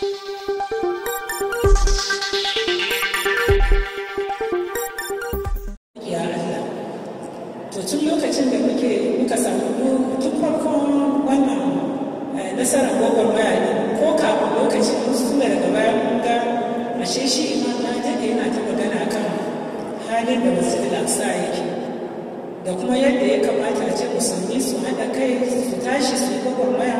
tun lokacin da muke muka samu tun farkon wannan eh, nasarar gwagwarmaya ne ko kafin lokacin sun da daga bayan mun ga ashe shi imam na daɗe yana ta magana kan halin da masjid al yake da kuma yadda ya kamata a ce musulmi su haɗa kai su tashi su yi baya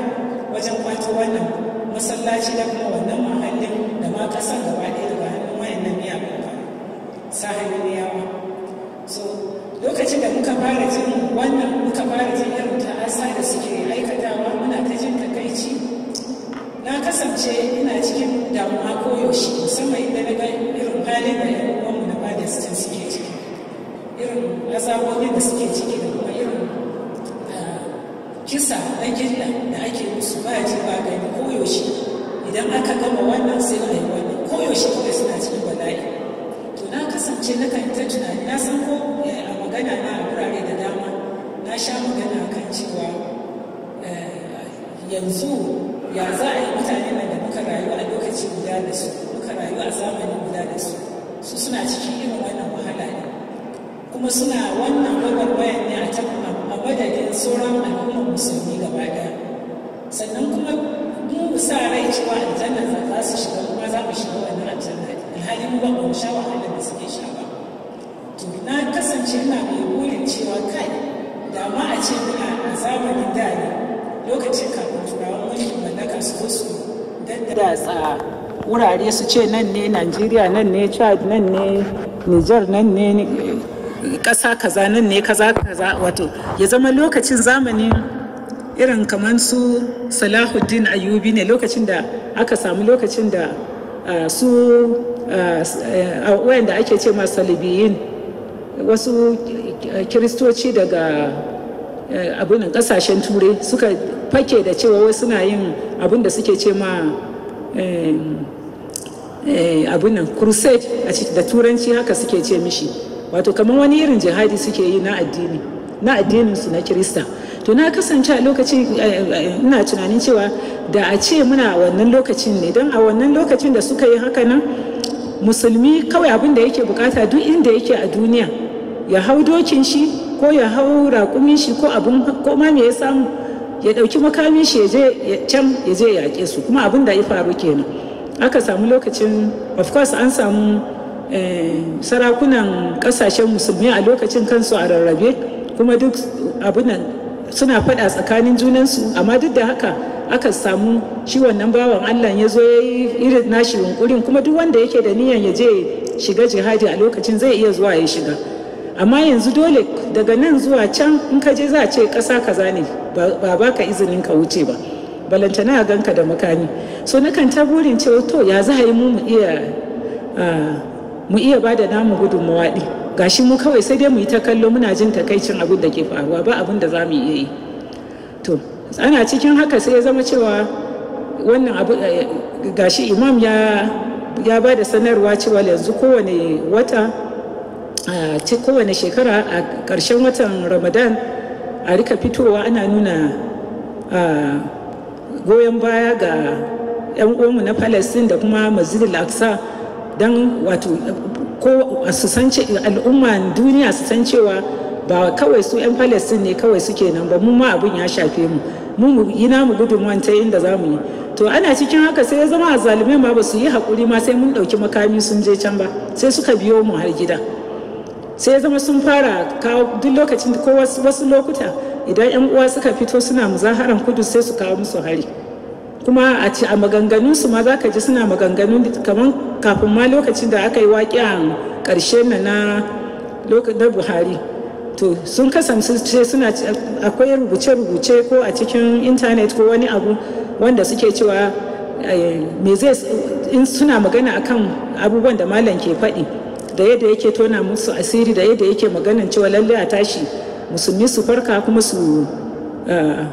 wajen kwato wannan masallaci da kuma wannan mahallin da ma kasar gaba ɗaya daga hannun wayannan miya ba sa hannun yawa so lokacin da muka fara jin wannan muka fara jin idan aka gama wannan sai a yi ko koyaushe kawai suna cikin bala'i to na kasance na kan ta tunani na san ko a magana na a wurare da dama na sha magana kan cewa eh, yanzu ya za a yi mutane nan da muka rayu a lokaci guda da su muka rayu a zamani guda da su su suna cikin irin wannan wahala ne kuma suna wannan gwagwarmayar ne a tabbatar a madadin sauran al'ummar musulmi gaba ɗaya sannan wurare su ce nan ne Najeriya nan ne Chad nan ne Niger nan ne ƙasa kaza nan ne kaza kaza wato ya zama lokacin zamani irin kamar su Salahuddin Ayyubi ne lokacin da aka samu lokacin da uh, su uh, uh, wayanda ake ce masu salibiyin wasu kiristoci daga abinan kasashen turai suka fake da cewa wasu suna yin abin da suke ce ma um, Eh, abin nan crusade da turanci haka suke ce mishi wato kamar wani irin jihadi suke yi na addini na addinin su na kirista to na kasance a lokacin eh, ina tunanin cewa da a ce muna wannan lokacin ne don a wannan lokacin da suka yi haka nan musulmi kawai abin da yake bukata duk inda yake a duniya ya hau dokin shi ko ya hau raƙumin shi ko abin ko ma me ya samu ya ɗauki makamin shi ya je can ya je ya ake su kuma abin da ya faru kenan aka samu lokacin of course an samu eh, sarakunan kasashen musulmi a lokacin kansu a rarrabe kuma duk abunan suna faɗa tsakanin junansu amma duk da haka aka samu ciwon wannan bawan allah ya zo ya yi irin nashi yunkurin kuma duk wanda yake da niyan ya je shiga jihadi a lokacin zai iya zuwa ya shiga amma yanzu dole daga nan zuwa can in ka je za a ce ƙasa kaza ne ba ba ka izinin ka wuce ba balantana a ganka da makami so na kan ta burin cewa to ya za a yi mu iya mu iya ba da namu gudun mawaɗi gashi mu kawai sai dai mu yi ta kallo muna jin takaicin abin da ke faruwa ba abin da za mu iya yi to ana cikin haka sai ya zama cewa wannan abu eh, gashi imam ya ya ba da sanarwa cewa yanzu kowane wata a kowane shekara a ƙarshen watan ramadan a rika fitowa ana nuna goyon baya ga 'yan uwanmu na palestine da kuma mazidi aksa don wato ko su san al'umma duniya su san cewa ba kawai su 'yan palestine ne kawai suke nan ba mu ma abin ya shafe mu mu yi namu gudun wanta inda za mu yi to ana cikin haka sai ya zama a zalume ma ba su yi hakuri ma sai mun ɗauki makami sun je can ba sai suka biyo mu har gida sai ya zama sun fara kawo duk lokacin ko wasu lokuta idan 'yan uwa suka fito suna muzaharan kudu sai su kawo musu hari kuma a ci a maganganun su ma za ka ji suna maganganun kamar kafin ma lokacin da aka yi waƙi a ƙarshe na na buhari to sun kasance suna akwai rubuce-rubuce ko a cikin intanet ko wani abu wanda suke cewa eh, me zai in suna magana akan abubuwan da malam ke faɗi da yadda yake tona musu asiri da yadda yake maganan cewa lallai a tashi musulmi su farka kuma eh,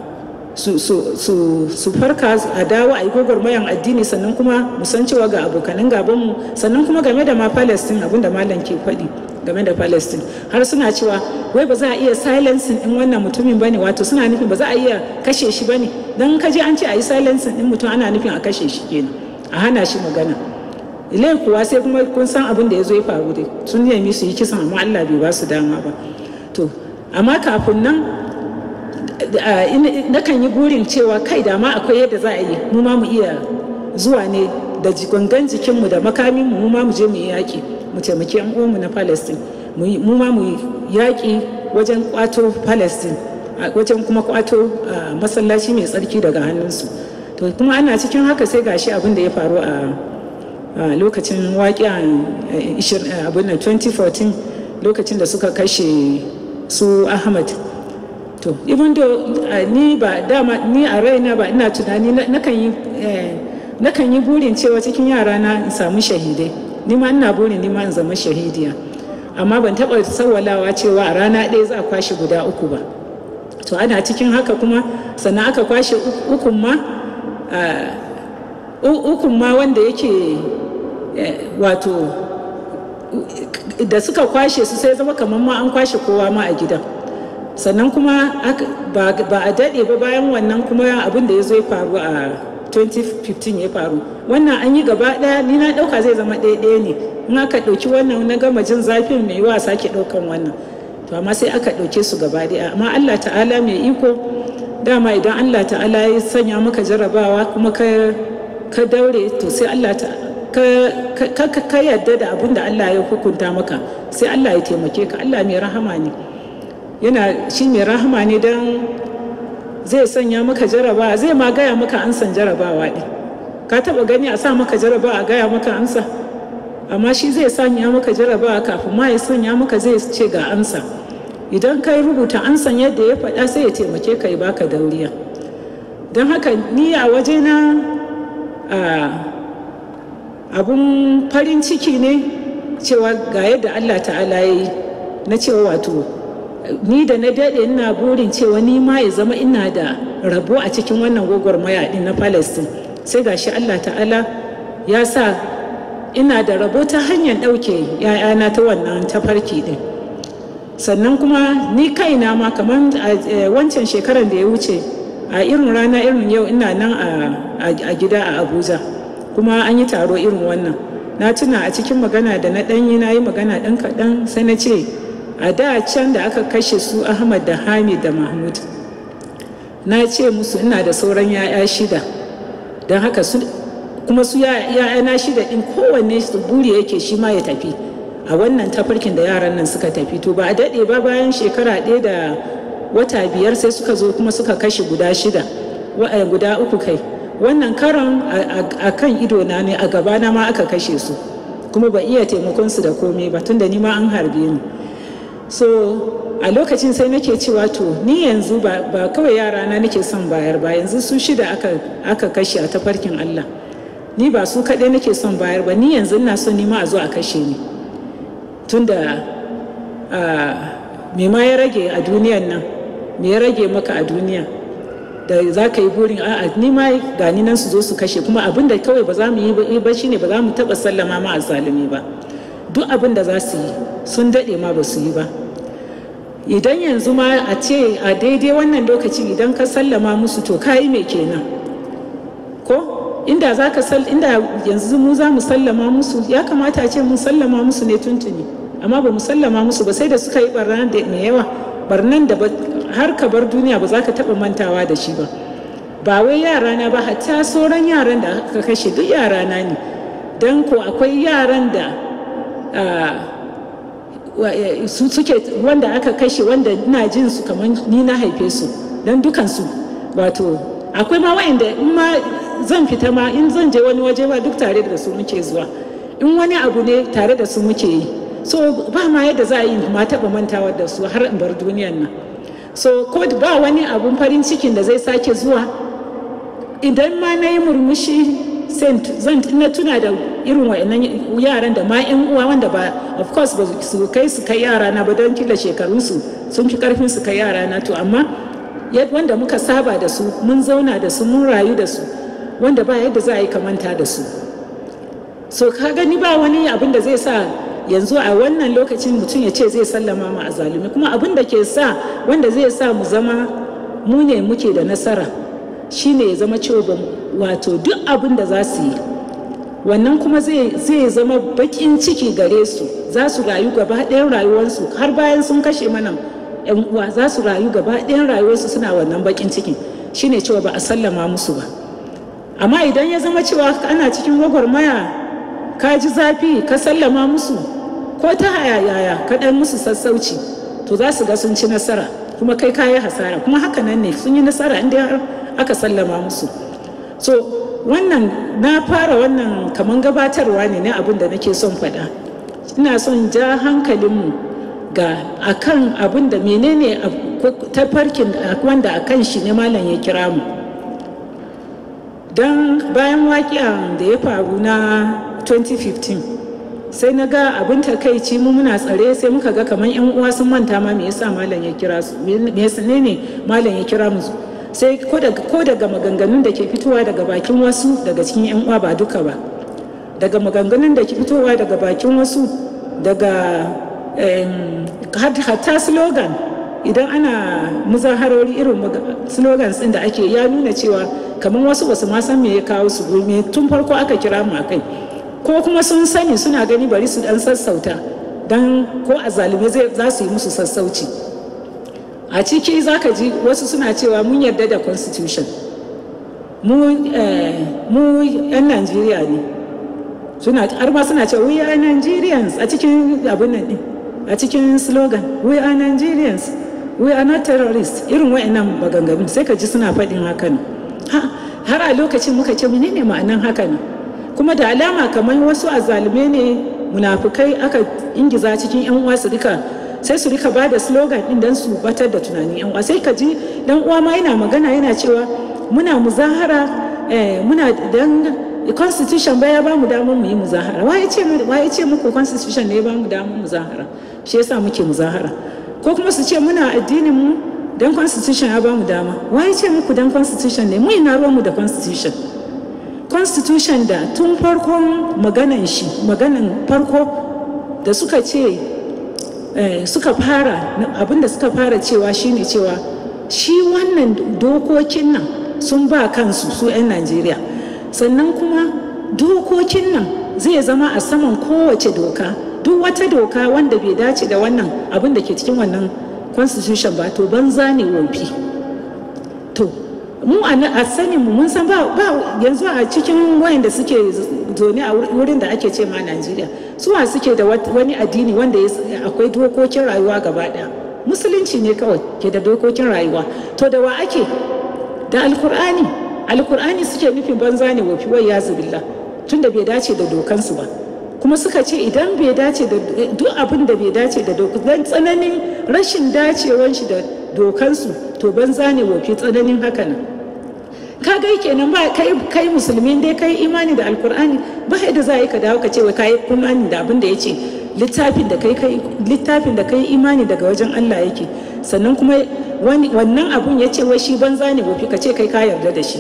su su farka a dawo a yi gwagwarmayan addini sannan kuma musan cewa ga abokanin gabanmu sannan kuma game da ma palestine abinda malam ke faɗi game da palestine har suna cewa wai ba za a iya silencing in wannan mutumin bane wato suna nufin ba za a iya kashe shi bane don kaji an ce a yi silencing din mutum ana nufin a kashe shi kenan a hana shi magana ilai kuwa sai kuma kun san abin da ya zo ya faru dai sun nemi su yi kisan amma allah bai ba su dama ba to amma kafin nan nakan yi gurin cewa kai da ma akwai yadda za a yi mu ma mu iya zuwa ne da gangan jikinmu da makamin mu ma mu je mu yaƙi mu taimaki yan uwanmu na palestine mu ma mu yaƙi wajen kwato palestine wajen kuma kwato masallaci mai tsarki daga hannunsu to kuma ana cikin haka sai gashi abin da ya faru a lokacin waƙi a 2014 lokacin da suka kashe su ahmad to even though uh, ni ba dama ni a raina ba ina tunani eh, nakan yi burin cewa cikin yara na in samu shahidai ni ma ina burin ni ma in zama shahidiya amma ban taɓa sawalawa cewa a rana ɗaya za a kwashe guda uku ba to ana cikin haka kuma sannan aka kwashe uh, ukun ma wanda yake eh, wato da suka kwashe su sai zama kamar ma an kwashe kowa ma a gidan sannan kuma ba a daɗe ba bayan wannan kuma abin da ya zo ya faru a 2015 ya faru wannan an yi gaba ɗaya ni na ɗauka zai zama ɗaya ne in aka ɗauki wannan na gama jin zafin mai yiwa sake ɗaukan wannan to amma sai aka ɗauke su gaba ɗaya amma allah ta'ala mai iko dama idan allah ta'ala ya sanya maka jarabawa kuma ka daure to sai allah ta'ala ka yadda da abin da Allah ya hukunta maka sai Allah ya taimake ka Allah mai rahama ne yana shi mai rahama ne don zai sanya maka jaraba zai ma gaya maka ansan jarabawa ɗin ka taɓa gani a sa maka jaraba a gaya maka ansa amma shi zai sanya maka jarabawa kafin ma ya sanya maka zai ce ga ansa idan ka rubuta ansan yadda ya faɗa sai ya taimake ka ya baka dauriya don haka ni a wajena ah, abun farin ciki ne cewa ga yadda allah ta'ala ya yi na cewa wato ni da na daɗe ina burin cewa ni ma ya zama ina da rabo a cikin wannan gwagwarmaya ɗin na palestine sai gashi allah ta'ala ya sa ina da rabo ta hanyar ɗauke ‘ya'yana ta wannan tafarki ɗin sannan kuma ni kaina ma kamar e, wancan shekarar da ya wuce a irin rana irin yau ina nan a gida a abuja kuma an yi taro irin wannan na tuna a cikin magana da na ɗanyi na yi magana ɗan kaɗan sai na ce a da can da aka kashe su ahmad da hamid da mahmud na ce musu ina da sauran ya'ya shida don haka su kuma su ya'ya na shida ɗin kowanne su buri yake shi ma ya tafi a wannan tafarkin da yaran nan suka tafi to ba a daɗe ba bayan shekara ɗaya da wata biyar sai suka zo kuma suka kashe guda shida eh, guda uku kai wannan karon a kan ido na ne a gabana ma aka kashe su kuma ba iya taimakon su da komai ba tunda ni ma an harbe ni so a lokacin sai nake cewa to ni yanzu ba kawai yara na nake son bayar ba yanzu su shida aka kashe a tafarkin Allah ni ba su kaɗai nake son bayar ba ni yanzu ina son ma a zo a kashe ni tunda ah, me ma ya rage a duniyan nan me ya rage maka a duniya da za ka yi burin a ni ma ni nan su zo su kashe kuma abin da kawai ba za mu yi ba shine ba za mu taba sallama ma azalumi ba duk abin da za su yi sun daɗe ma ba su yi ba idan yanzu ma a ce a daidai wannan lokacin idan ka sallama musu to kayi mai kenan ko inda za ka inda yanzu mu za mu sallama musu ya kamata a ce mun sallama musu ne tuntuni amma ba mu sallama musu ba sai da suka yi barna da mai yawa barnan da har ka bar duniya ba za ka taɓa mantawa da shi ba ba wai yarana ba hatta sauran yaran da aka kashe duk yarana ne don ko akwai yaran da su suke wanda aka kashe wanda ina jin su kamar ni na haife su don dukansu wato akwai ma wa'inda in ma zan fita ma in zan je wani waje ba duk tare da su muke zuwa in wani abu ne tare da su muke yi so ba ma yadda za a yi ma taɓa mantawa da su har in bar duniyan nan so ko ba wani abun farin cikin da zai sake zuwa idan ma na yi murmushi zan na tuna da irin wa'annan yaran da ma yan uwa wanda ba of course ba su kai su kai yara na ba don killa shekarunsu sun fi karfin su kai yara na to amma wanda muka saba da su mun zauna da su mun rayu da su wanda ba yadda za a yi kamanta da su so ka gani ba wani abin da zai sa yanzu a wannan lokacin mutum ya ce zai sallama ma a zalumi kuma abin da ke sa wanda zai sa mu zama mu ne muke da nasara shine ya zama cewa wato duk abin da za su yi wannan kuma zai zama bakin ciki gare su za su rayu gaba ɗayan rayuwarsu har bayan sun kashe mana yan uwa za su rayu gaba ɗayan rayuwarsu suna wannan bakin ciki shine cewa ba a sallama musu ba amma idan ya zama cewa ana cikin gwagwarmaya ka ji zafi ka sallama musu ko ta hayayaya ka ɗan musu sassauci to za su ga sun ci nasara kuma kai ka yi hasara kuma haka nan ne sun yi nasara inda aka sallama musu so wannan na fara wannan kamar gabatarwa ne na abin da nake son faɗa ina son ja hankalinmu ga akan abin da menene tafarkin wanda a kan shi ne malam ya kira mu don bayan waƙiyan da ya faru na 2015 sai na ga abin takaici mu muna tsare sai muka ga kamar yan uwa sun manta ma me yasa malam ya kira su me yasa ne ne malam ya kira mu sai ko daga maganganun da ke fitowa daga bakin wasu daga cikin yan uwa ba duka ba daga maganganun da ke fitowa daga bakin wasu daga hatta slogan idan ana muzaharori irin slogans ɗin da ake ya nuna cewa kamar wasu su ma san me ya kawo su me tun farko aka kira mu akai. ko kuma sun sani suna gani bari su dan sassauta don ko a zalume za su yi musu sassauci a ciki za ka ji wasu suna cewa mun yarda da constitution mu eh, 'yan najeriya ne suna arba suna cewa we are nigerians a cikin abin nan a cikin slogan we are nigerians we are not terrorists irin wa'annan maganganun sai ka ji suna faɗin hakan har a lokacin muka ce menene ma'anan hakan kuma da alama kamar wasu azalume ne munafukai aka ingiza cikin yan uwa su rika sai su rika ba da slogan din dan su batar da tunanin yan uwa sai ka ji dan uwa ma yana magana yana cewa muna muzahara eh, muna dan constitution ba ya ba mu damar mu yi muzahara wa yace wa yace muku constitution ne ya ba mu damar muzahara shi yasa muke muzahara ko kuma su ce muna addinin mu dan constitution ya ba mu dama wa yace muku dan constitution ne mu ina ruwan mu da constitution constitution da tun farkon maganan shi maganan farko da suka ce eh, suka fara abinda suka fara cewa shine cewa shi wannan dokokin nan sun ba kansu su 'yan najeriya sannan kuma dokokin nan zai zama a saman kowace doka duk wata doka wanda bai dace da wannan abin da ke cikin wannan constitution ba to banza ne wofi to mu a sani mu mun san ba yanzu a cikin wayanda suke zone a wurin da ake ce ma Najeriya suwa suke da wani addini wanda akwai dokokin rayuwa gaba daya musulunci ne kawai ke da dokokin rayuwa to da wa ake da alkur'ani alkur'ani suke nufin banza ne wa fiwai ya zubilla tunda bai dace da dokansu ba kuma suka ce idan bai dace da eh, duk abin da bai dace da don tsananin rashin dacewan shi da dokansu to banza ne wa fi tsananin haka nan ka gai kenan ba kai kai musulmi dai kai imani da alkur'ani ba da za ka dawo ka ce wa kai imani da abin da ya ce littafin da kai kai littafin imani daga wajen Allah yake sannan kuma wannan abun ya ce wai shi banza ne bofi ka ce kai ka yarda da shi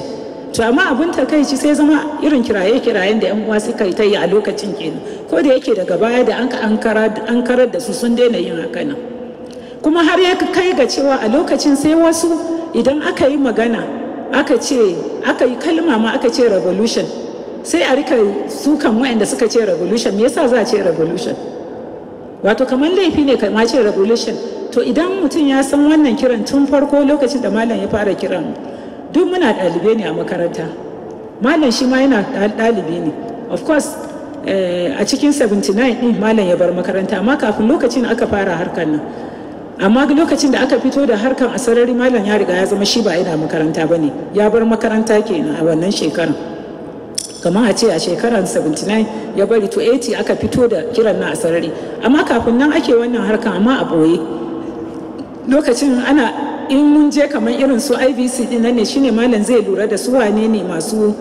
to amma kai takaici sai zama irin kiraye kirayen da yan uwa suka yi ta yi a lokacin kenan ko da yake daga baya da an karar da su sun daina yin haka nan kuma har ya kai ga cewa a lokacin sai wasu idan aka yi magana aka ce aka yi kalma ma aka ce revolution sai a rika sukan wayanda suka ce revolution me yasa za a ce revolution wato kamar laifi ne kama ce revolution to idan mutum ya san wannan kiran tun farko lokacin da malam ya fara kiran duk muna ɗalibai ne a makaranta malam shi ma yana ɗalibi ne of course eh, a cikin 79 ɗin malam ya bar makaranta amma kafin lokacin aka fara harkar nan amma lokacin da aka fito da harkan a sarari malam ya riga ya zama shi ba yana makaranta ba ne ya bar makaranta kenan a wannan shekaran kamar a ce a shekaran 79 ya bari to 80 aka fito da kiran na a sarari amma kafin nan ake wannan harkan amma a ɓoye lokacin ana in mun je kamar irin su ivc din ne shine malam zai lura da su wane ne masu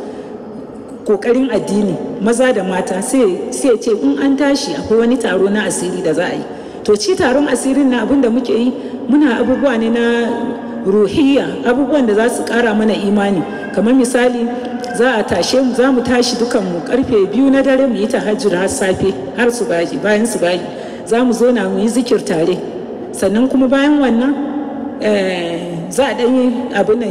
kokarin addini maza da mata sai ce in an tashi akwai wani taro na asiri da za a yi to ci taron asirin na abin da muke yi muna abubuwa ne na ruhiya abubuwan da za su kara mana imani kamar misali za a tashe mu za mu tashi dukanmu karfe biyu na dare mu yi tahajjud har safe har su baji bayan su baji za mu zo na mu yi zikir tare sannan kuma bayan wannan eh, za a ɗanyi na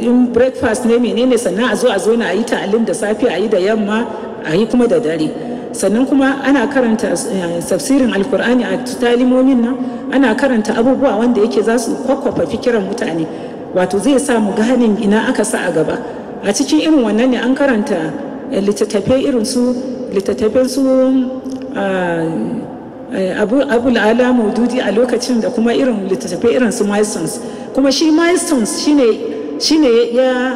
in breakfast ne menene sannan a zo a zo na a yi ta'alin da safe a yi da yamma a yi kuma da dare sannan kuma ana karanta eh, tafsirin alkur'ani a talimomin nan ana karanta abubuwa wanda yake za su kwakwafa fikiran mutane wato zai sa mu ganin ina aka sa a gaba a cikin irin wannan ne an karanta eh, littattafai irin su littattafai su ah, eh, abu ala maududi a lokacin da kuma irin littattafai irin su milestones kuma shi milestones shine shine ya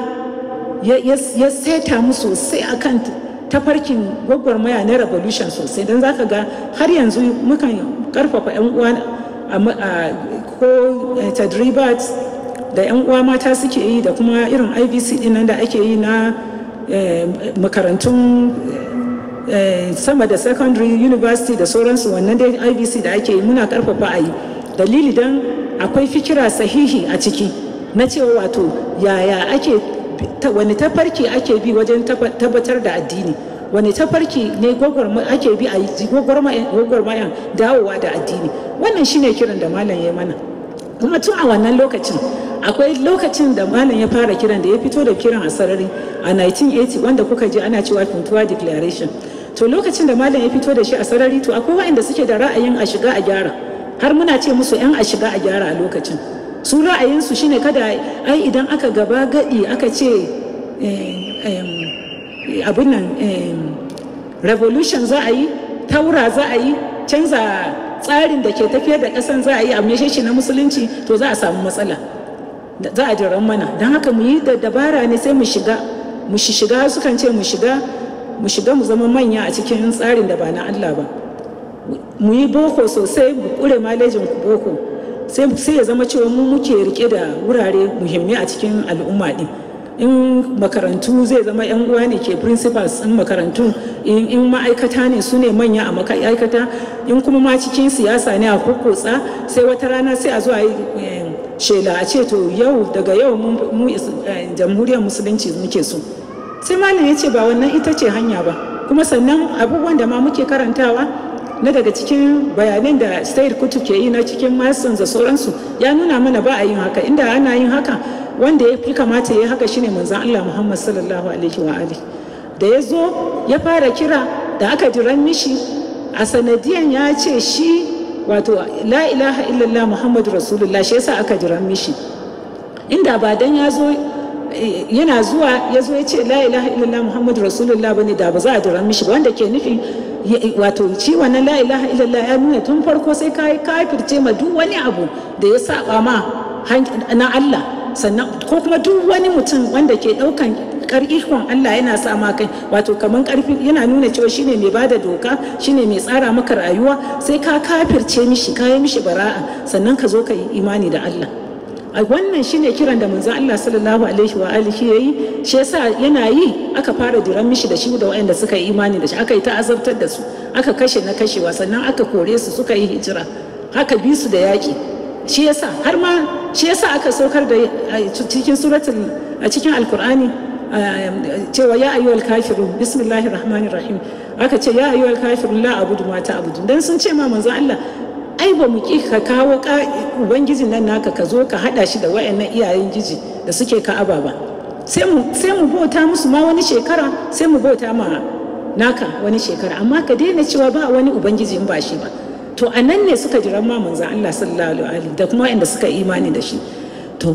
ya seta mu sosai akan tafarkin gwagwarmaya na revolution sosai don za ka ga har yanzu mukan karfafa 'yan uwa ko eh, tadribat da 'yan uwa mata suke yi da kuma irin ibc dinnan da ake yi na eh, makarantun eh, sama da secondary university da sauransu wannan dai ibc da ake yi muna karfafa a yi dalili don akwai fikira sahihi a ciki na cewa wato yaya ake wani tafarki ake bi wajen tabbatar da addini wani tafarki ne ake bi a gwagwarmayan dawowa da addini wannan shine kiran da malam ya mana kuma tun a wannan lokacin akwai lokacin da malam ya fara kiran da ya fito da kiran a sarari a 1980 wanda kuka ji ana cewa puntuwa declaration to lokacin da malam ya fito da shi a sarari to akwai wa'inda suke da ra'ayin a shiga a gyara har muna ce musu 'yan a shiga a gyara a lokacin su ra'ayinsu shi ne kada ai idan aka gaba gadi aka ce abin revolution za a yi taura za a yi canza tsarin da ke tafiyar da ƙasan za a yi amneshe shi na musulunci to za a samu matsala za a jiran mana don haka mu yi da dabara ne sai mu shiga mu shiga sukan ce mu shiga mu shiga mu zama manya a cikin tsarin da ba na Allah ba mu yi boko sosai mu kure malejin boko sai ya zama cewa mu muke rike da wurare muhimmi a cikin al'umma din in makarantu zai zama yan uwa ne ke principals in makarantu in ma'aikata ne su ne manya a ma'aikata in kuma ma cikin siyasa ne a kokotsa sai wata rana sai a zo a eh, shela a ce to yau daga yau mu eh, jamhuriyar musulunci muke so sai malam ya ce ba wannan ita ce hanya ba kuma sannan abubuwan da ma muke karantawa na daga cikin bayanan da sayar kutu ke yi na cikin masan da sauransu ya nuna mana ba a yin haka inda ana yin haka wanda ya fi kamata ya haka shine manzan Allah Muhammad sallallahu alaihi wa ali da ya zo ya fara kira da aka jiran mishi a sanadiyan ya ce shi wato la ilaha illallah Muhammadu rasulullah shi yasa aka jiran mishi inda ba dan ya zo yana zuwa ya zo ya ce la ilaha illallah muhammadu rasulullah bane da ba za a dira mishi ba wanda ke nufi wato ci wannan la ilaha illallah ya nuna tun farko sai ka kafirce ma duk wani abu da ya saba ma na Allah sannan ko kuma duk wani mutum wanda ke daukan karfin Allah yana sa ma kai wato kamar karfi yana nuna cewa shine mai bada doka shine mai tsara maka rayuwa sai ka kafirce mishi ka yi mishi bara'a sannan ka zo ka yi imani da Allah wannan shine kiran da manzon Allah sallallahu alaihi wa alihi yayi shi yasa yana yi aka fara jiran mishi da shi da waɗanda suka yi imani da shi aka yi ta azabtar da su aka kashe na kashewa sannan aka kore su suka yi hijira haka bi su da yaƙi shi yasa har ma shi yasa aka saukar da cikin suratul a cikin alkur'ani cewa ya ayyuhal kafirun bismillahir rahmanir rahim aka ce ya ayyuhal kafirun la abudu ma ta abudu dan sun ce ma manzon Allah ai ba mu ki ka kawo ubangijin nan naka ka zo ka haɗa shi da wayannan iyayen giji da suke ka'aba ba sai mu bauta musu ma wani shekara sai mu bauta ma naka wani shekara amma ka daina cewa ba wani ubangijin ba shi ba to a nan ne suka jira ma manzo Allah sallallahu alaihi da kuma waɗanda suka imani da shi to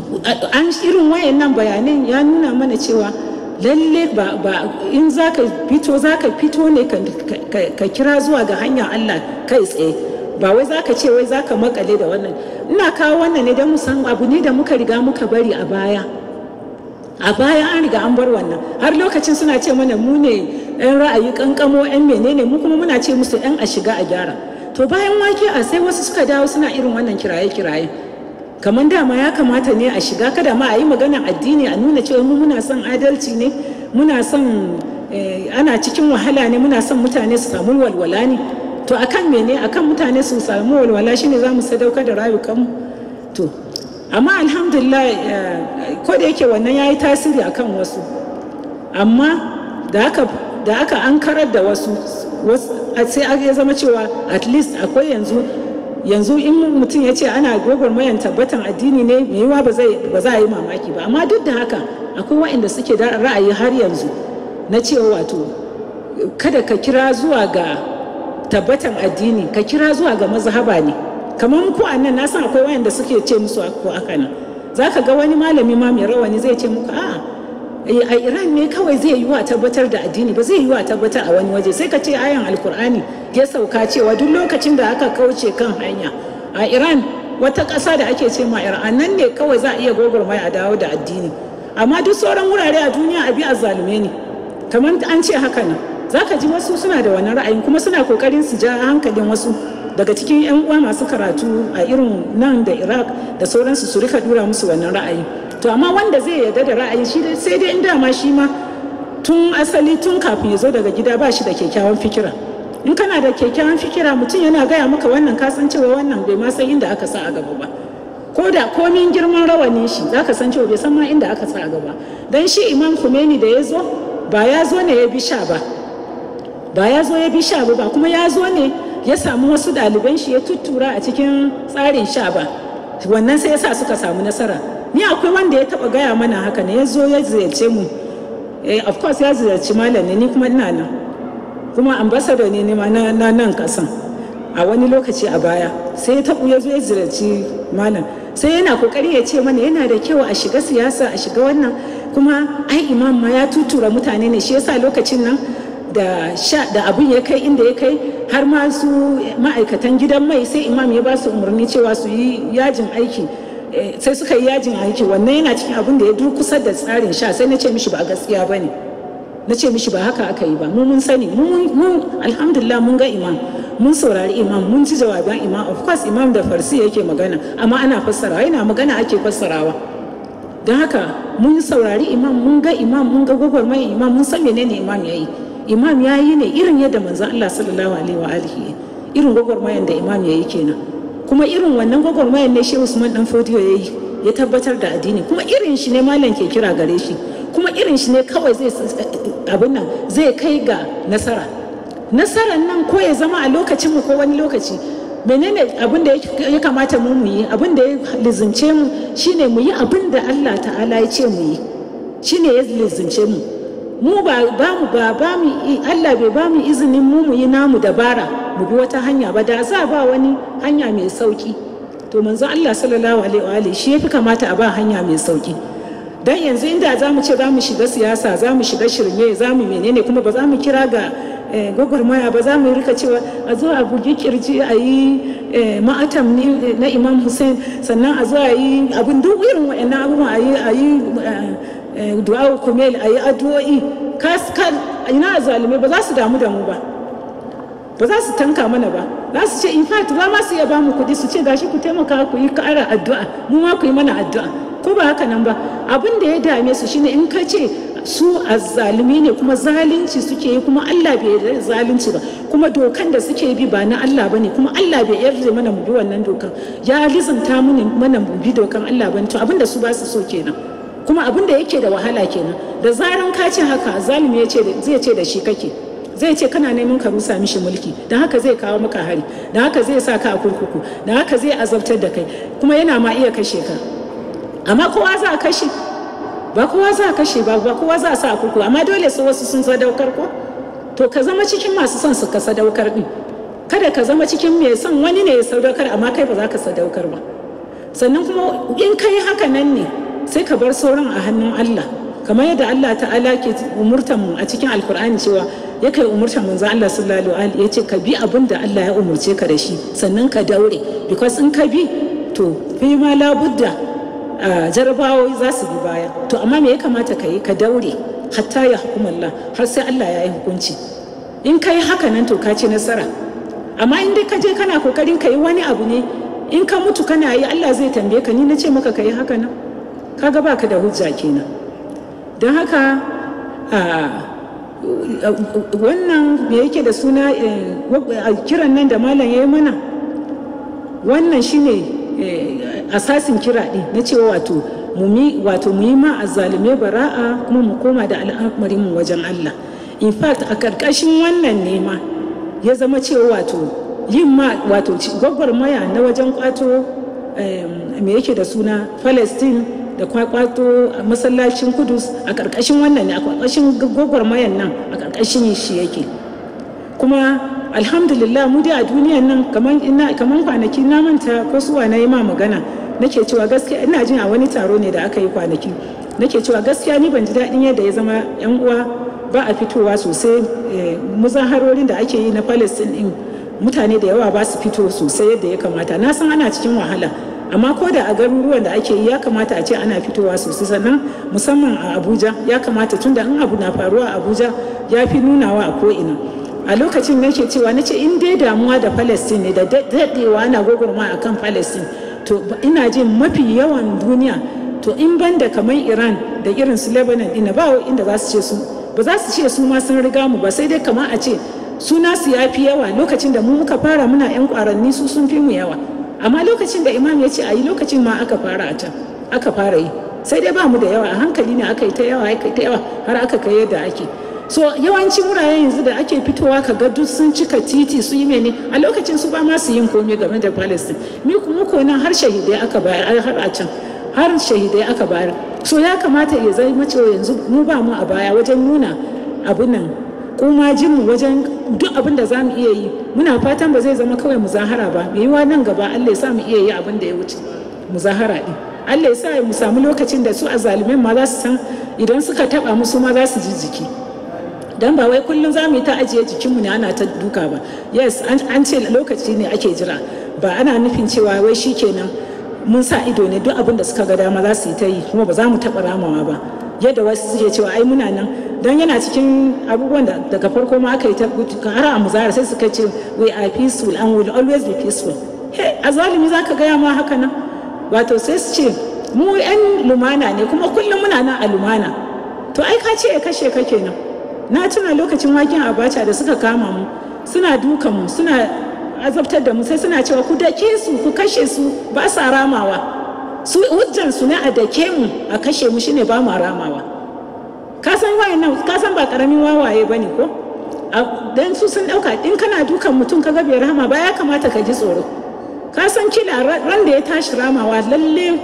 an irin wayannan bayanan ya nuna mana cewa lalle ba ba in zaka fito zaka fito ne ka kira zuwa ga hanyar Allah kai tsaye ba wai zaka ce wai zaka makale da wannan ina kawo wannan ne don mu san abu ne da muka riga muka bari a baya a baya an riga an bar wannan har lokacin suna ce mana mu ne yan ra'ayi kankamo yan menene mu kuma muna ce musu yan a shiga a gyara to bayan wake a sai wasu suka dawo suna irin wannan kiraye kiraye kamar dama ya kamata ne a shiga kada ma a yi maganar addini a nuna cewa mu muna son adalci ne muna son eh, ana cikin wahala ne muna son mutane su samu walwala ne to akan mene akan mutane sun samu walwala shine za mu sadaukar da rayukanmu to amma alhamdulillah eh, ko da yake wannan ya yi tasiri akan wasu amma da aka da an karar da wasu sai ya zama cewa at least akwai yanzu yanzu in mutum ya ce ana mayan tabbatan addini ne mai yiwa ba za a yi mamaki ba amma duk da haka akwai waɗanda suke da ra'ayi har yanzu na cewa wato kada ka kira zuwa ga tabbatan addini ka kira zuwa ga mazhaba ne kamar ku a nan na san akwai wayanda suke ce musu ko aka nan za ka ga wani malami ma mai rawani zai ce muku a'a eh, a iran ne kawai zai yi wa tabbatar da addini ba zai yi wa tabbatar a wani waje sai ka ce ayan alkur'ani ya sauka cewa duk lokacin da aka kauce kan hanya a iran wata ƙasa da ake ce ma iran nan ne kawai za a iya gwagwarmaya a dawo da addini amma duk sauran wurare a duniya abi a zalume ne kamar an ce haka nan za ka ji wasu suna da wannan ra'ayin kuma suna kokarin su ja hankalin wasu daga cikin 'yan uwa masu karatu a irin nan da iraq da sauransu su rika dura musu wannan ra'ayi to amma wanda zai yarda da ra'ayi shi sai dai in dama shi ma tun asali tun kafin ya zo daga gida ba shi da kyakkyawan fikira in kana da kyakkyawan fikira mutum yana gaya maka wannan kasan cewa wannan bai ma san inda aka sa a gaba ba ko da komin girman rawani shi za ka san cewa bai san ma inda aka sa a gaba don shi imam Khomeini da ya zo ba ya zo ne ya bi sha ba ba ya zo ya bi sha ba kuma ya zo ne ya samu wasu ɗaliban shi ya tuttura a cikin tsarin sha ba wannan sai yasa suka samu nasara ni akwai wanda ya taɓa gaya mana haka ne ya zo ya ziyarce mu eh of course ya ziyarci malam ne ni kuma ina nan kuma ambassador ne ne ma na nan kasan a wani lokaci a baya sai ya taɓu ya zo ya ziyarci malam sai yana kokari ya ce mana yana da kyau a shiga siyasa a shiga wannan kuma ai imam ma ya tutura mutane ne shi yasa lokacin nan da sha da abin ya kai inda ya kai har masu ma'aikatan gidan mai sai imam ya ba su umarni cewa su yi yajin aiki eh, sai suka yi yajin aiki wannan yana cikin abin da ya kusa da tsarin sha sai na ce mishi ba gaskiya ba ne na ce mishi ba haka aka yi ba mu mun sani mu alhamdulillah mun ga imam mun saurari imam mun ci jawaban imam of course imam da farsi yake magana amma ana fassarawa yana magana ake fassarawa don haka mun saurari imam mun ga imam mun ga gwagwarmayin imam mun san menene imam ya yi imam ya yi ne irin yadda manzon Allah sallallahu alaihi wa alihi irin gwagwarmayar da imam ya yi kenan kuma irin wannan gwagwarmayar ne shi Usman dan Fodiyo ya yi ya tabbatar da addini kuma irin shi ne malam ke kira gare shi kuma irin shi ne kawai zai abin nan zai kai ga nasara nasarar nan ko ya zama a lokacin mu ko wani lokaci menene abin da ya kamata mu mu yi abin da ya lizince mu shine mu yi abin da Allah ta'ala ya ce mu yi shine ya lizince mu mu ba ba mu ba ba mu Allah bai ba mu izinin mu mu yi namu dabara mu bi wata hanya ba da za ba wani hanya mai sauki to manzo Allah sallallahu alaihi wa alihi shi yafi kamata a ba hanya mai sauki dan yanzu inda za mu ce za mu shiga siyasa za mu shiga shirme za mu menene kuma ba za mu kira ga eh, gwagwarmaya ba za mu rika cewa a zo a bugi kirji a yi eh, ma'atam na imam hussein sannan a zo a yi abin duk irin wa'annan abubuwan a yi eh, Eh, du'a kumel a yi addu'o'i ina zalimai ba za su damu da mu ba ba za su tanka mana ba za su ce in fact ba ma su iya ba mu kuɗi su ce gashi ku taimaka ku yi ƙara addu'a mu ma ku yi mana addu'a ko ba haka nan ba abin da ya dame su shine in ka ce su azzalumi ne kuma zalunci suke yi kuma Allah bai yarda zalunci ba kuma dokan da suke bi ba na Allah bane kuma Allah bai yarda mana mu bi wannan dokan ya lizanta mana mu bi dokan Allah bane to abin da su ba su so kenan kuma abin da yake da wahala kenan da zaran ka ce haka zalimi ya ce zai ce da shi kake zai ce kana neman ka rusa mishi mulki da haka zai kawo maka hari da haka zai sa ka a kurkuku da haka zai azabtar da kai kuma yana ma iya kashe ka amma kowa za a kashe ba kowa za a kashe ba ba kowa za a sa a kurkuku amma dole su wasu sun sadaukar ko to ka zama cikin masu son su ka sadaukar din kada ka zama cikin mai son wani ne ya sadaukar amma kai ba za ka sadaukar ba sannan kuma in kai haka nan ne sai ka bar sauran a hannun Allah kamar yadda Allah ta'ala ke umurtan mu a cikin alkur'ani cewa ya kai umurtan manzo Allah sallallahu alaihi ya ce ka bi abin da Allah ya umurce ka da shi sannan ka daure because in ka bi to fi ma labudda jarabawoyi za su bi baya to amma me ya kamata ka yi ka daure hatta ya Allah har sai Allah ya yi hukunci in ka yi haka nan to ka ci nasara amma in dai ka je kana kokarin ka yi wani abu ne in ka mutu kana yi Allah zai tambaye ka ni na ce maka ka yi haka nan kaga baka da hujja kenan don haka wannan me yake da suna eh, a kiran nan da malam ya yi mana wannan shine eh, asasin kira ɗi na cewa wato wato mu yi ma a zalume bara'a kuma mu koma da al'amarin mu wajen Allah in fact a karkashin wannan nema ya zama cewa wato yin ma wato gwagwarmaya na wajen kwato eh, me yake da suna Palestine da kwakwato a masallacin kudus a ƙarƙashin wannan ne a ƙarƙashin mayan nan a ƙarƙashin shi yake kuma alhamdulillah mu dai a duniyan nan kamar kwanaki na manta ko suwa na yi ma magana nake cewa gaskiya ina jin a wani taro ne da aka yi kwanaki nake cewa gaskiya ni ban ji daɗin yadda ya zama yan uwa ba a fitowa sosai eh, muzaharorin da ake yi na palestine din mutane da yawa ba su fito sosai yadda ya kamata na san ana cikin wahala amma ko da a garuruwan da ake yi ya kamata a ce ana fitowa sosai sannan musamman a abuja ya kamata tunda in abu na faruwa a abuja ya fi nunawa a ko'ina a lokacin ke cewa na ce in dai damuwa da palestine ne da daɗewa na gogorma a kan palestine to ina jin mafi yawan duniya to in ban da kamar iran da irin su lebanon ina ba inda za su ce su ba za su ce su ma sun riga mu ba sai dai kamar a ce suna su ya fi yawa lokacin da mu muka fara muna 'yan kwaranni su sun fi mu yawa amma lokacin da imam ya ce a yi lokacin ma aka fara a can aka fara yi sai dai ba mu da yawa a hankali ne aka yi ta yawa aka yi ta yawa har aka kai yadda ake so yawanci wuraren yanzu da ake fitowa ka ga duk sun cika titi su yi mene a lokacin su ba ma su yin komai game da palestine mi kuma ko nan har shahidai aka bayar har a can har shahidai aka bayar so ya kamata ya zai mace yanzu mu ba mu a baya wajen nuna abin nan kuma jinmu wajen duk abin da za mu iya yi muna fatan ba zai zama kawai muzahara ba yiwa nan gaba allah ya sa mu iya yi abin da ya wuce muzahara din allah ya sa mu samu lokacin da su a zalumin ma za su san idan suka taba musu ma za su ji jiki dan ba wai kullum za mu yi ta ajiye jikin mu ne ana ta duka ba yes an ce lokaci ne ake jira ba ana nufin cewa wai shi shikenan mun sa ido ne duk abin da suka ga dama za su yi ta yi kuma ba za mu taɓa ramawa ba yadda wasu suke cewa ai muna nan don yana cikin abubuwan da daga farko ma aka yi ta har a muzara, sai suka ce we are peaceful and will always be peaceful hey a zalimi za ka gaya ma haka nan wato sai su ce mu yan lumana ne kuma kullum muna nan a lumana to ai ka ce kashe ka kenan na tuna lokacin waken abacha da suka kama mu suna duka mu suna azabtar da mu sai suna cewa ku dake su ku kashe su ba sa ramawa su hujjansu su na a mu a kashe mu shine ba mu ramawa ka san nan, ka san ba karamin wawaye bane ko dan su sun dauka in kana dukan mutum ka ga bai rama ba ya kamata ka ji tsoro ka san kila ran da ya tashi ramawa lalle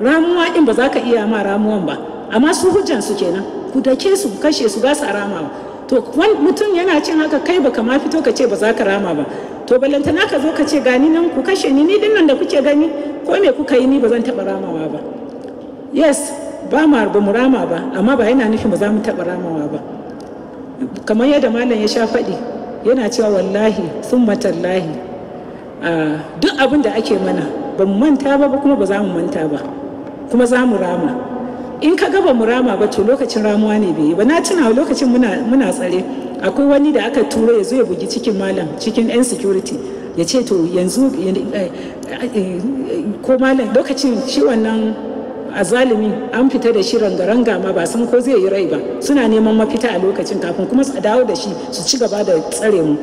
ramuwa din ba za ka iya ma ramuwan ba amma su hujjan su kenan ku dake su kashe su ba su ramawa to mutum yana cin haka kai baka ma fito ka ce ba za ka rama ba to balantana ka zo ka ce gani nan ku kashe ni ni dinnan da kuke gani ko me kuka yi ni ba zan taɓa ramawa ba yes ba ma ba mu rama ba amma ba yana nufin ba za mu taɓa ramawa ba kamar yadda malam ya sha faɗi yana cewa wallahi sun matallahi duk abin da ake mana ba mu manta ba kuma ba za mu manta ba kuma za mu rama in ka ga ba mu rama ba to lokacin ramuwa ne bai yi ba na tuna lokacin muna, tsare akwai wani da aka turo ya zo ya bugi cikin malam cikin yan security ya ce to yanzu eh, eh, ko malam lokacin shi wannan a zalimi an fita da shi ranga-ranga ma ba san ko zai yi rai ba suna neman mafita a lokacin kafin kuma su dawo da shi su ci gaba da tsare mu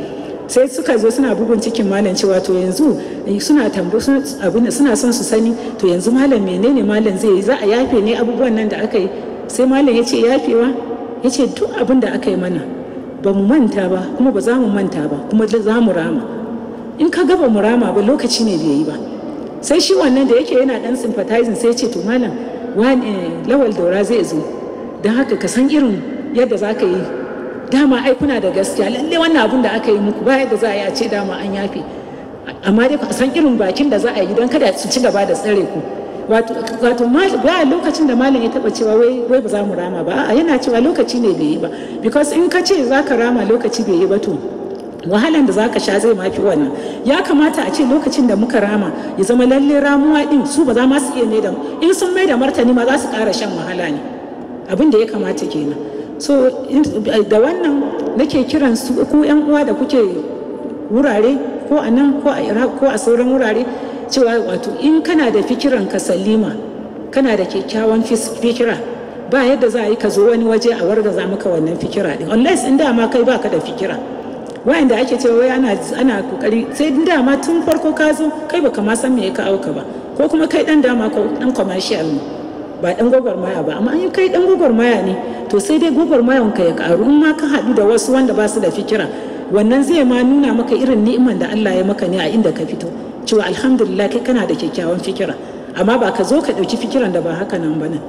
sai suka zo suna bugun cikin malam cewa to yanzu eh, suna tambo abin suna son su sani to yanzu malam menene malam zai yi za a yafe ne abubuwan nan da aka yi sai malam ya ce yafewa ya ce duk abin da aka yi mana ba mu manta ba kuma ba za mu manta ba kuma za mu rama in ka gaba murama ba lokaci ne bai yi ba sai shi wannan da yake yana dan sympathizing sai ce to malam wani eh, lawal daura zai zo don haka ka san irin yadda za ka yi dama ai kuna da gaskiya lalle wannan abun da aka yi muku ba yadda za a yi a ce dama an yafe amma dai ku san irin bakin da za a yi don kada su ci gaba da tsare ku wato ba lokacin da malam ya taba cewa wai ba za mu rama ba a yana cewa lokaci ne bai yi ba because in ka ce za ka rama lokaci bai yi ba to wahalan da zaka sha zai mafi wannan ya kamata a ce lokacin da muka rama ya zama lalle ramuwa din su ba za ma su iya da in sun mai da martani ma za su kara shan wahala ne abin da ya kamata kenan so da wannan nake kiran su ku yan uwa da kuke wurare ko a nan ko a iraq ko a sauran wurare cewa wato in kana da fikiran ka salima kana da kyakkyawan fikira ba yadda za a yi ka zo wani waje a wargaza maka wannan fikira din unless in dama kai baka da fikira wayanda ake cewa wai ana ana kokari sai dama tun farko ka zo kai baka ma san me ya kawo ba ko kuma kai dan dama ko dan commercial ne ba dan maya ba amma an yi kai dan maya ne to sai dai mayan ka ya karu in ma ka haɗu da wasu wanda ba su da fikira wannan zai ma nuna maka irin ni'iman da Allah ya maka ne a inda ka fito cewa alhamdulillah kai kana da kyakkyawan fikira amma ba ka zo ka ɗauki fikiran da ba haka nan ba nan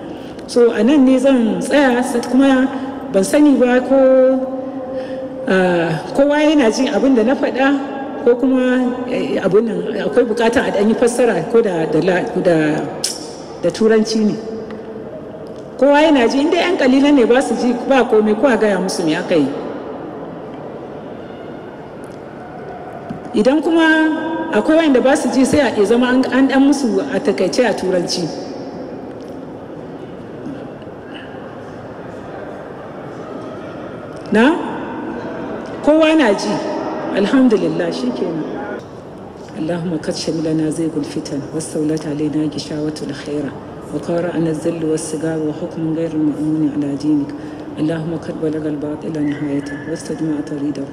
so a ne zan tsaya kuma ban sani ba ko kowa yana jin abin da na faɗa ko kuma eh, abin akwai bukatar a ɗanyi fassara ko da da turanci ne kowa yana ji inda 'yan kalilan ne ba su ji ba komai ko a gaya musu me aka yi idan kuma akwai wanda ba su ji sai a zama an dan musu a takaice a turanci na? kowa na ji alhamdulillah لله kenan اللهم قد شملنا زيغ الفتن واستولت علينا جشاوة الخيرة أن الذل والسقام وحكم غير المأمون على دينك اللهم قد بلغ الباطل نهايته واستجمع طريده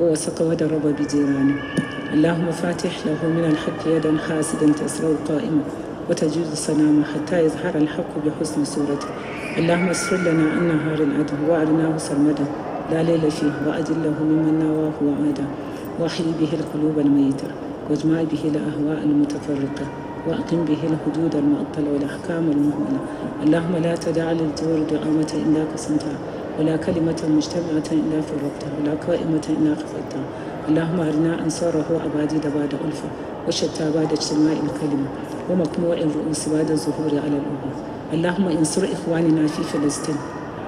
ووسق ودرب بجيرانه اللهم فاتح له من الحق يدا حاسدا تسره قائما وتجوز سلامه حتى يظهر الحق بحسن صورته اللهم اسر لنا ان نهار العدو وارناه سرمدا لا ليل وأذل له ممن نواه وعادا واحي به القلوب الميتة واجمع به الأهواء المتفرقة وأقم به الحدود المعطلة والأحكام المهملة اللهم لا تدع للدور دعامة إلا قسمتها ولا كلمة مجتمعة إلا فرقتها ولا قائمة إلا خفضتها اللهم أرنا أنصاره عبادي بعد ألفة وشتى بعد اجتماع الكلمة ومقموع الرؤوس بعد الظهور على الأمة اللهم انصر إخواننا في فلسطين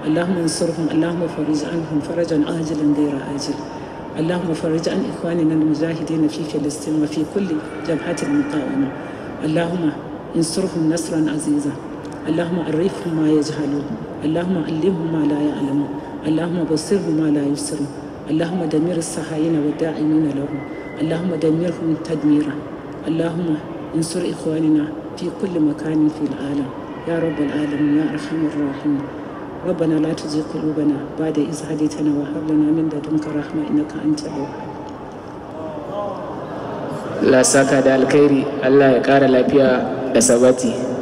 اللهم انصرهم اللهم فرج عنهم فرجا عاجلا غير آجل اللهم فرج عن إخواننا المجاهدين في فلسطين وفي كل جبهات المقاومة اللهم انصرهم نصرا عزيزا اللهم عرفهم ما يجهلون اللهم علمهم ما لا يعلمون اللهم بصرهم ما لا يبصرون اللهم دمير الصهاينة والداعمين لهم اللهم دمرهم تدميرا اللهم انصر إخواننا في كل مكان في العالم يا رب العالمين يا أرحم الراحمين ربنا لا تزغ قلوبنا بعد إذ هديتنا وهب لنا من لدنك رحمة إنك أنت الوهاب لا ساكا da alkhairi Allah ya kara lafiya da